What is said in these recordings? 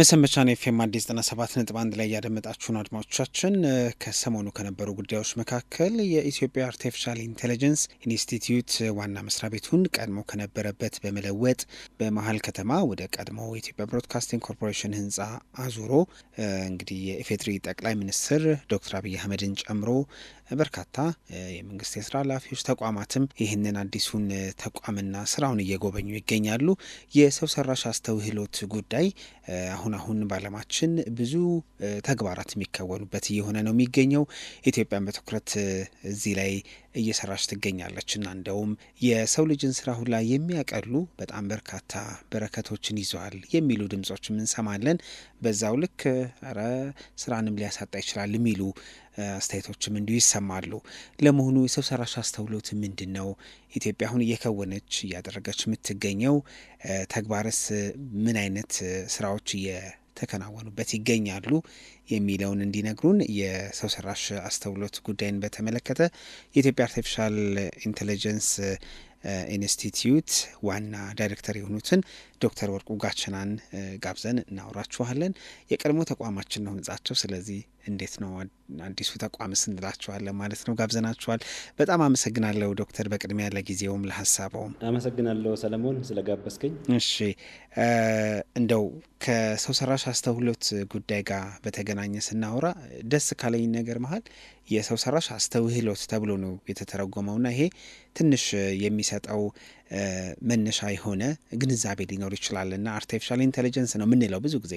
መሰንበቻን ኤፍ ኤም አዲስ ዘጠና ሰባት ነጥብ አንድ ላይ ያደመጣችሁን አድማጮቻችን ከሰሞኑ ከነበሩ ጉዳዮች መካከል የኢትዮጵያ አርቲፊሻል ኢንቴሊጀንስ ኢንስቲትዩት ዋና መስሪያ ቤቱን ቀድሞ ከነበረበት በመለወጥ በመሀል ከተማ ወደ ቀድሞ የኢትዮጵያ ብሮድካስቲንግ ኮርፖሬሽን ህንፃ አዙሮ እንግዲህ የኢፌድሪ ጠቅላይ ሚኒስትር ዶክተር አብይ አህመድን ጨምሮ በርካታ የመንግስት የስራ ኃላፊዎች ተቋማትም ይህንን አዲሱን ተቋምና ስራውን እየጎበኙ ይገኛሉ። የሰው ሰራሽ አስተውህሎት ጉዳይ አሁን አሁን አሁን በዓለማችን ብዙ ተግባራት የሚከወኑበት እየሆነ ነው የሚገኘው። ኢትዮጵያን በትኩረት እዚህ ላይ እየሰራች ትገኛለች እና እንደውም የሰው ልጅን ስራ ሁላ የሚያቀሉ በጣም በርካታ በረከቶችን ይዘዋል የሚሉ ድምጾችም እንሰማለን። በዛው ልክ ረ ስራንም ሊያሳጣ ይችላል የሚሉ አስተያየቶችም እንዲሁ ይሰማሉ። ለመሆኑ የሰው ሰራሽ አስተውሎት ምንድን ነው? ኢትዮጵያ አሁን እየከወነች እያደረገች የምትገኘው ተግባርስ ምን አይነት ስራዎች ተከናወኑበት ይገኛሉ የሚለውን እንዲነግሩን የሰው ሰራሽ አስተውሎት ጉዳይን በተመለከተ የኢትዮጵያ አርቲፊሻል ኢንቴሊጀንስ ኢንስቲትዩት ዋና ዳይሬክተር የሆኑትን ዶክተር ወርቁ ጋችናን eh, ጋብዘን እናውራችኋለን። የቀድሞ ተቋማችን ነው ህንጻቸው። ስለዚህ እንዴት ነው አዲሱ ተቋምስ እንላቸዋለን ማለት ነው። ጋብዘናችኋል። በጣም አመሰግናለሁ ዶክተር፣ በቅድሚያ ለጊዜውም ለሀሳበውም አመሰግናለሁ ሰለሞን ስለጋበዝከኝ። እሺ እንደው ከሰው ሰራሽ አስተውሎት ጉዳይ ጋር በተገናኘ ስናወራ ደስ ካለኝ ነገር መሀል የሰው ሰራሽ አስተውህሎት ተብሎ ነው የተተረጎመውና ይሄ ትንሽ የሚሰጠው መነሻ የሆነ ግንዛቤ ሊኖር ይችላል እና አርቲፊሻል ኢንቴሊጀንስ ነው የምንለው ብዙ ጊዜ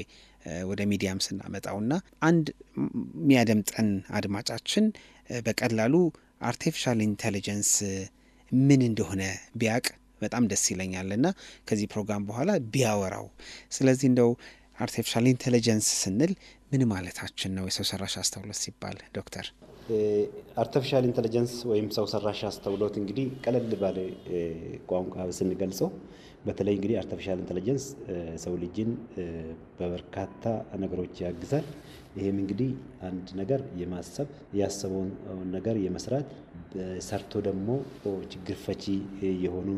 ወደ ሚዲያም ስናመጣው እና አንድ የሚያደምጠን አድማጫችን በቀላሉ አርቲፊሻል ኢንቴሊጀንስ ምን እንደሆነ ቢያቅ በጣም ደስ ይለኛል እና ከዚህ ፕሮግራም በኋላ ቢያወራው ስለዚህ እንደው አርቲፊሻል ኢንቴሊጀንስ ስንል ምን ማለታችን ነው? የሰው ሰራሽ አስተውሎት ሲባል ዶክተር አርቲፊሻል ኢንቴሊጀንስ ወይም ሰው ሰራሽ አስተውሎት እንግዲህ ቀለል ባለ ቋንቋ ስንገልጸው በተለይ እንግዲህ አርቲፊሻል ኢንቴሊጀንስ ሰው ልጅን በበርካታ ነገሮች ያግዛል። ይህም እንግዲህ አንድ ነገር የማሰብ ያሰበውን ነገር የመስራት ሰርቶ ደግሞ ችግር ፈቺ የሆኑ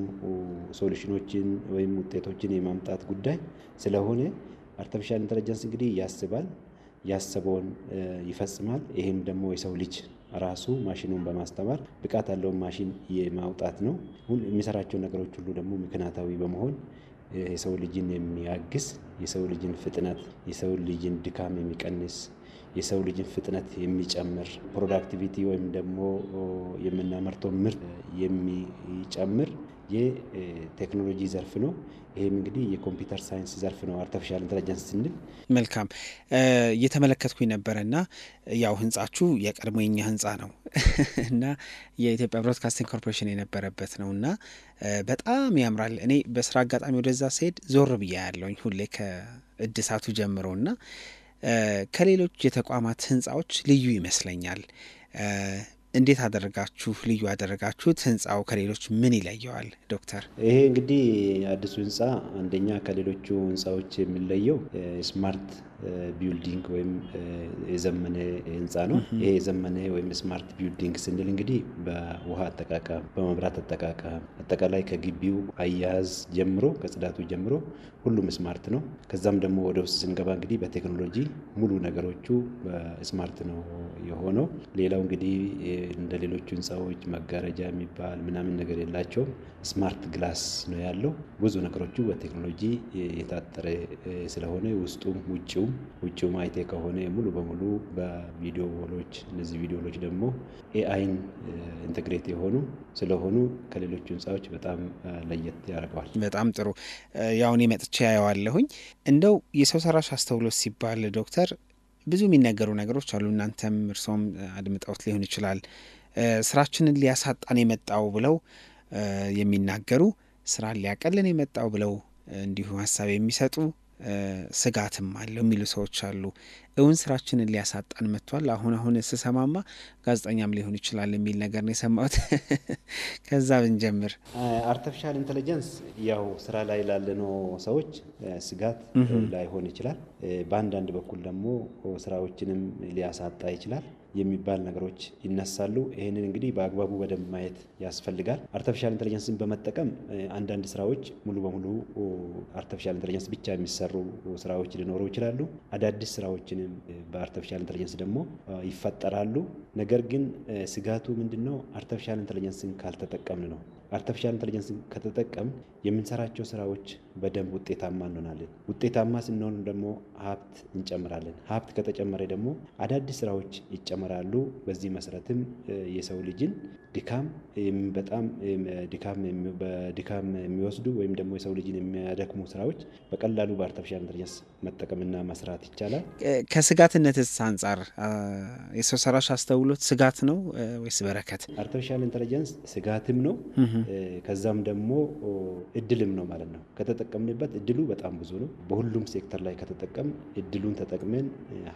ሶሉሽኖችን ወይም ውጤቶችን የማምጣት ጉዳይ ስለሆነ አርቲፊሻል ኢንተለጀንስ እንግዲህ ያስባል፣ ያሰበውን ይፈጽማል። ይህም ደግሞ የሰው ልጅ ራሱ ማሽኑን በማስተማር ብቃት ያለውን ማሽን የማውጣት ነው። የሚሰራቸው ነገሮች ሁሉ ደግሞ ምክንያታዊ በመሆን የሰው ልጅን የሚያግስ የሰው ልጅን ፍጥነት የሰው ልጅን ድካም የሚቀንስ የሰው ልጅን ፍጥነት የሚጨምር ፕሮዳክቲቪቲ ወይም ደግሞ የምናመርተው ምርት የሚጨምር የቴክኖሎጂ ዘርፍ ነው። ይህም እንግዲህ የኮምፒውተር ሳይንስ ዘርፍ ነው። አርቲፊሻል ኢንተለጀንስ ስንል መልካም እየተመለከትኩኝ ነበረ እና ያው ህንጻችሁ የቀድሞ የኛ ህንጻ ነው እና የኢትዮጵያ ብሮድካስቲንግ ኮርፖሬሽን የነበረበት ነው እና በጣም ያምራል። እኔ በስራ አጋጣሚ ወደዛ ስሄድ ዞር ብያ ያለውኝ ሁሌ ከእድሳቱ ጀምሮ እና ከሌሎች የተቋማት ህንጻዎች ልዩ ይመስለኛል። እንዴት አደረጋችሁ? ልዩ ያደረጋችሁት ህንፃው ከሌሎች ምን ይለየዋል? ዶክተር ይሄ እንግዲህ አዲሱ ህንፃ አንደኛ ከሌሎቹ ህንፃዎች የሚለየው ስማርት ቢልዲንግ ወይም የዘመነ ህንፃ ነው። ይሄ የዘመነ ወይም ስማርት ቢልዲንግ ስንል እንግዲህ በውሃ አጠቃቀም፣ በመብራት አጠቃቀም፣ አጠቃላይ ከግቢው አያያዝ ጀምሮ ከጽዳቱ ጀምሮ ሁሉም ስማርት ነው። ከዛም ደግሞ ወደ ውስጥ ስንገባ እንግዲህ በቴክኖሎጂ ሙሉ ነገሮቹ ስማርት ነው የሆነው። ሌላው እንግዲህ እንደ ሌሎቹ ህንፃዎች መጋረጃ የሚባል ምናምን ነገር የላቸውም። ስማርት ግላስ ነው ያለው። ብዙ ነገሮቹ በቴክኖሎጂ የታጠረ ስለሆነ ውስጡም ውጭው ውስጡም ውጭውም ማይቴ ከሆነ ሙሉ በሙሉ በቪዲዮ ወሎች እነዚህ ቪዲዮ ወሎች ደግሞ ኤአይን ኢንተግሬት የሆኑ ስለሆኑ ከሌሎች ህንፃዎች በጣም ለየት ያደርገዋል። በጣም ጥሩ። ያውን እኔ መጥቼ ያየዋለሁኝ። እንደው የሰው ሰራሽ አስተውሎት ሲባል ዶክተር ብዙ የሚነገሩ ነገሮች አሉ። እናንተም እርሶም አድምጠውት ሊሆን ይችላል። ስራችንን ሊያሳጣን የመጣው ብለው የሚናገሩ፣ ስራን ሊያቀልን የመጣው ብለው እንዲሁ ሀሳብ የሚሰጡ ስጋትም አለው የሚሉ ሰዎች አሉ። እውን ስራችንን ሊያሳጣን መጥቷል። አሁን አሁን ስሰማማ ጋዜጠኛም ሊሆን ይችላል የሚል ነገር ነው የሰማሁት። ከዛ ብንጀምር አርቲፊሻል ኢንቴሊጀንስ ያው ስራ ላይ ላለነው ሰዎች ስጋት ላይሆን ይችላል። በአንዳንድ በኩል ደግሞ ስራዎችንም ሊያሳጣ ይችላል። የሚባል ነገሮች ይነሳሉ። ይህንን እንግዲህ በአግባቡ በደንብ ማየት ያስፈልጋል። አርተፊሻል ኢንቴሊጀንስን በመጠቀም አንዳንድ ስራዎች ሙሉ በሙሉ አርተፊሻል ኢንቴሊጀንስ ብቻ የሚሰሩ ስራዎች ሊኖሩ ይችላሉ። አዳዲስ ስራዎችንም በአርተፊሻል ኢንቴሊጀንስ ደግሞ ይፈጠራሉ። ነገር ግን ስጋቱ ምንድን ነው? አርተፊሻል ኢንቴሊጀንስን ካልተጠቀምን ነው። አርተፊሻል ኢንቴሊጀንስን ከተጠቀምን የምንሰራቸው ስራዎች በደንብ ውጤታማ እንሆናለን። ውጤታማ ስንሆን ደግሞ ሀብት እንጨምራለን። ሀብት ከተጨመረ ደግሞ አዳዲስ ስራዎች ይጨመራሉ። በዚህ መሰረትም የሰው ልጅን ድካም በጣም በድካም የሚወስዱ ወይም ደግሞ የሰው ልጅን የሚያደክሙ ስራዎች በቀላሉ በአርተፊሻል ኢንቴሊጀንስ መጠቀምና መስራት ይቻላል። ከስጋትነትስ አንጻር የሰው ሰራሽ አስተውሎ አገልግሎት ስጋት ነው ወይስ በረከት? አርቲፊሻል ኢንተለጀንስ ስጋትም ነው፣ ከዛም ደግሞ እድልም ነው ማለት ነው። ከተጠቀምንበት እድሉ በጣም ብዙ ነው። በሁሉም ሴክተር ላይ ከተጠቀም እድሉን ተጠቅመን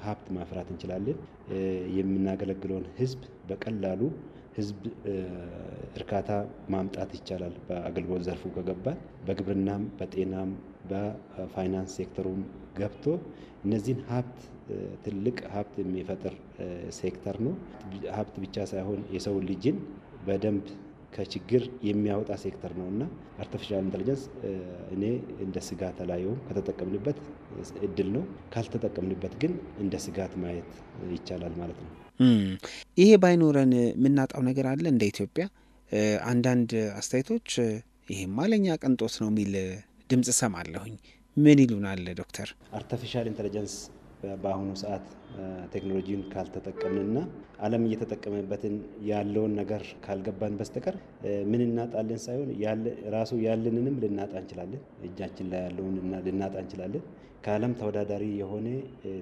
ሀብት ማፍራት እንችላለን። የምናገለግለውን ህዝብ በቀላሉ ህዝብ እርካታ ማምጣት ይቻላል። በአገልግሎት ዘርፉ ከገባ በግብርናም በጤናም በፋይናንስ ሴክተሩም ገብቶ እነዚህን ሀብት ትልቅ ሀብት የሚፈጥር ሴክተር ነው። ሀብት ብቻ ሳይሆን የሰው ልጅን በደንብ ከችግር የሚያወጣ ሴክተር ነው እና አርቲፊሻል ኢንቴሊጀንስ እኔ እንደ ስጋት አላየውም። ከተጠቀምንበት እድል ነው፣ ካልተጠቀምንበት ግን እንደ ስጋት ማየት ይቻላል ማለት ነው። ይሄ ባይኖረን የምናጣው ነገር አለ እንደ ኢትዮጵያ። አንዳንድ አስተያየቶች ይሄማ ለእኛ ቅንጦት ነው የሚል ድምፅ ሰማለሁኝ። ምን ይሉናል ዶክተር? አርቲፊሻል ኢንቴሊጀንስ በአሁኑ ሰዓት ቴክኖሎጂን ካልተጠቀምንና ዓለም እየተጠቀመበትን ያለውን ነገር ካልገባን በስተቀር ምን እናጣለን ሳይሆን ራሱ ያለንንም ልናጣ እንችላለን። እጃችን ላይ ያለውን ልናጣ እንችላለን። ከዓለም ተወዳዳሪ የሆነ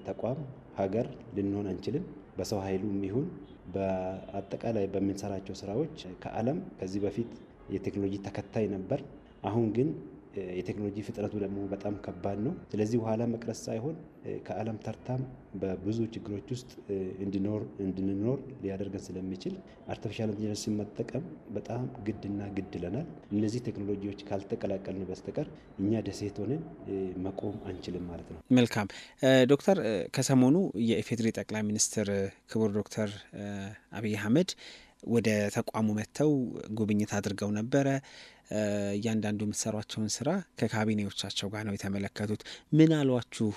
ተቋም ሀገር ልንሆን አንችልም። በሰው ኃይሉም ይሁን በአጠቃላይ በምንሰራቸው ስራዎች ከዓለም ከዚህ በፊት የቴክኖሎጂ ተከታይ ነበር። አሁን ግን የቴክኖሎጂ ፍጥነቱ ደግሞ በጣም ከባድ ነው። ስለዚህ ኋላ መቅረት ሳይሆን ከዓለም ተርታም በብዙ ችግሮች ውስጥ እንድኖር እንድንኖር ሊያደርገን ስለሚችል አርቲፊሻል ኢንቴሊጀንስ መጠቀም በጣም ግድና ግድ ለናል። እነዚህ ቴክኖሎጂዎች ካልተቀላቀልን በስተቀር እኛ ደሴት ሆነን መቆም አንችልም ማለት ነው። መልካም ዶክተር፣ ከሰሞኑ የኢፌዴሪ ጠቅላይ ሚኒስትር ክቡር ዶክተር አብይ አህመድ ወደ ተቋሙ መጥተው ጉብኝት አድርገው ነበረ። እያንዳንዱ የምትሰሯቸውን ስራ ከካቢኔዎቻቸው ጋር ነው የተመለከቱት። ምን አሏችሁ?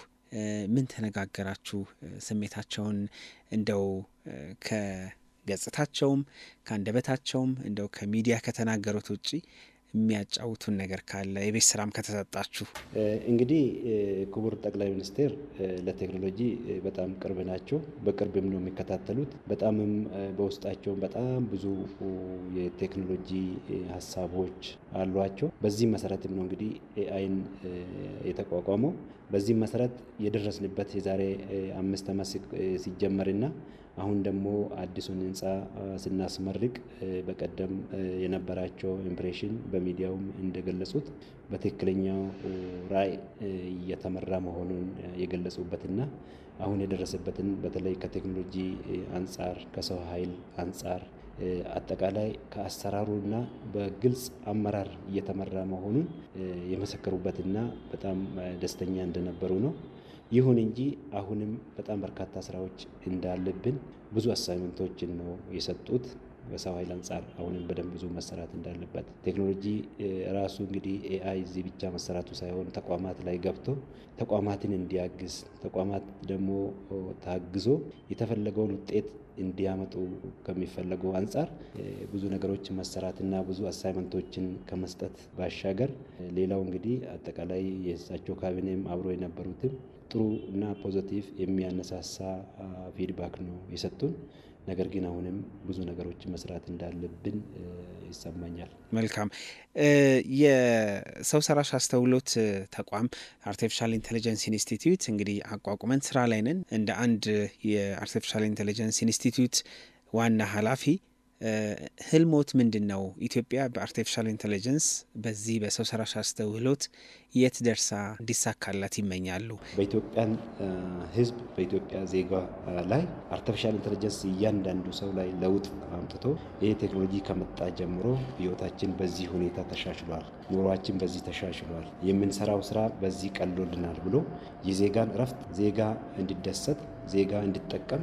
ምን ተነጋገራችሁ? ስሜታቸውን እንደው ከገጽታቸውም ከአንደበታቸውም እንደው ከሚዲያ ከተናገሩት ውጪ የሚያጫውቱን ነገር ካለ የቤት ስራም ከተሰጣችሁ። እንግዲህ ክቡር ጠቅላይ ሚኒስቴር ለቴክኖሎጂ በጣም ቅርብ ናቸው። በቅርብም ነው የሚከታተሉት። በጣምም በውስጣቸው በጣም ብዙ የቴክኖሎጂ ሀሳቦች አሏቸው። በዚህም መሰረትም ነው እንግዲህ ኤአይን የተቋቋመው። በዚህም መሰረት የደረስንበት የዛሬ አምስት ዓመት ሲጀመርና አሁን ደግሞ አዲሱን ህንፃ ስናስመርቅ በቀደም የነበራቸው ኢምፕሬሽን በሚዲያውም እንደገለጹት በትክክለኛው ራዕይ እየተመራ መሆኑን የገለጹበትና አሁን የደረሰበትን በተለይ ከቴክኖሎጂ አንጻር ከሰው ኃይል አንጻር አጠቃላይ ከአሰራሩና በግልጽ አመራር እየተመራ መሆኑን የመሰከሩበትና በጣም ደስተኛ እንደነበሩ ነው። ይሁን እንጂ አሁንም በጣም በርካታ ስራዎች እንዳለብን ብዙ አሳይመንቶችን ነው የሰጡት። በሰው ኃይል አንጻር አሁንም በደንብ ብዙ መሰራት እንዳለበት ቴክኖሎጂ ራሱ እንግዲህ ኤአይ እዚህ ብቻ መሰራቱ ሳይሆን ተቋማት ላይ ገብቶ ተቋማትን እንዲያግዝ ተቋማት ደግሞ ታግዞ የተፈለገውን ውጤት እንዲያመጡ ከሚፈለገው አንጻር ብዙ ነገሮች መሰራትና ብዙ አሳይመንቶችን ከመስጠት ባሻገር ሌላው እንግዲህ አጠቃላይ የእሳቸው ካቢኔም አብሮ የነበሩትም ጥሩ እና ፖዘቲቭ የሚያነሳሳ ፊድባክ ነው የሰጡን። ነገር ግን አሁንም ብዙ ነገሮች መስራት እንዳለብን ይሰማኛል። መልካም። የሰው ሰራሽ አስተውሎት ተቋም አርቲፊሻል ኢንቴሊጀንስ ኢንስቲትዩት እንግዲህ አቋቁመን ስራ ላይ ነን። እንደ አንድ የአርቲፊሻል ኢንቴሊጀንስ ኢንስቲትዩት ዋና ኃላፊ ህልሞት ምንድን ነው? ኢትዮጵያ በአርቲፊሻል ኢንቴሊጀንስ በዚህ በሰው ሰራሽ አስተውሎት የት ደርሳ እንዲሳካላት ይመኛሉ? በኢትዮጵያን ህዝብ በኢትዮጵያ ዜጋ ላይ አርቲፊሻል ኢንቴሊጀንስ እያንዳንዱ ሰው ላይ ለውጥ አምጥቶ ይህ ቴክኖሎጂ ከመጣ ጀምሮ ህይወታችን በዚህ ሁኔታ ተሻሽሏል፣ ኑሯችን በዚህ ተሻሽሏል፣ የምንሰራው ስራ በዚህ ቀሎልናል ብሎ የዜጋን እረፍት ዜጋ እንዲደሰት ዜጋ እንዲጠቀም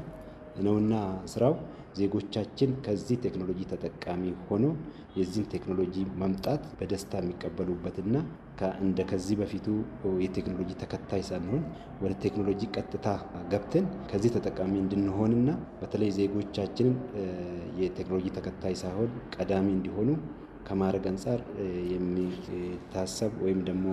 ነውና ስራው ዜጎቻችን ከዚህ ቴክኖሎጂ ተጠቃሚ ሆኖ የዚህን ቴክኖሎጂ መምጣት በደስታ የሚቀበሉበትና እንደ ከዚህ በፊቱ የቴክኖሎጂ ተከታይ ሳንሆን ወደ ቴክኖሎጂ ቀጥታ ገብተን ከዚህ ተጠቃሚ እንድንሆንና በተለይ ዜጎቻችንን የቴክኖሎጂ ተከታይ ሳይሆን ቀዳሚ እንዲሆኑ ከማድረግ አንጻር የሚታሰብ ወይም ደግሞ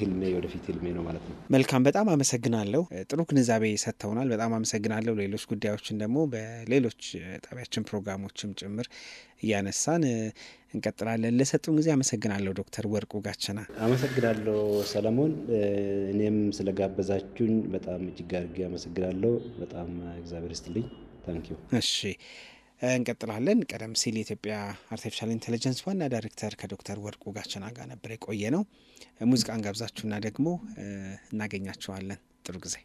ህልሜ ወደፊት ህልሜ ነው ማለት ነው። መልካም፣ በጣም አመሰግናለሁ። ጥሩ ግንዛቤ ሰጥተውናል። በጣም አመሰግናለሁ። ሌሎች ጉዳዮችን ደግሞ በሌሎች ጣቢያችን ፕሮግራሞችም ጭምር እያነሳን እንቀጥላለን። ለሰጡን ጊዜ አመሰግናለሁ ዶክተር ወርቁ ጋቸና። አመሰግናለሁ ሰለሞን፣ እኔም ስለጋበዛችሁኝ በጣም እጅግ አድርጌ አመሰግናለሁ። በጣም እግዚአብሔር ይስጥልኝ። ታንኪዩ። እሺ እንቀጥላለን። ቀደም ሲል የኢትዮጵያ አርቲፊሻል ኢንቴሊጀንስ ዋና ዳይሬክተር ከዶክተር ወርቁ ጋቸና ጋር ነበር የቆየ ነው። ሙዚቃን ጋብዛችሁና ደግሞ እናገኛችኋለን። ጥሩ ጊዜ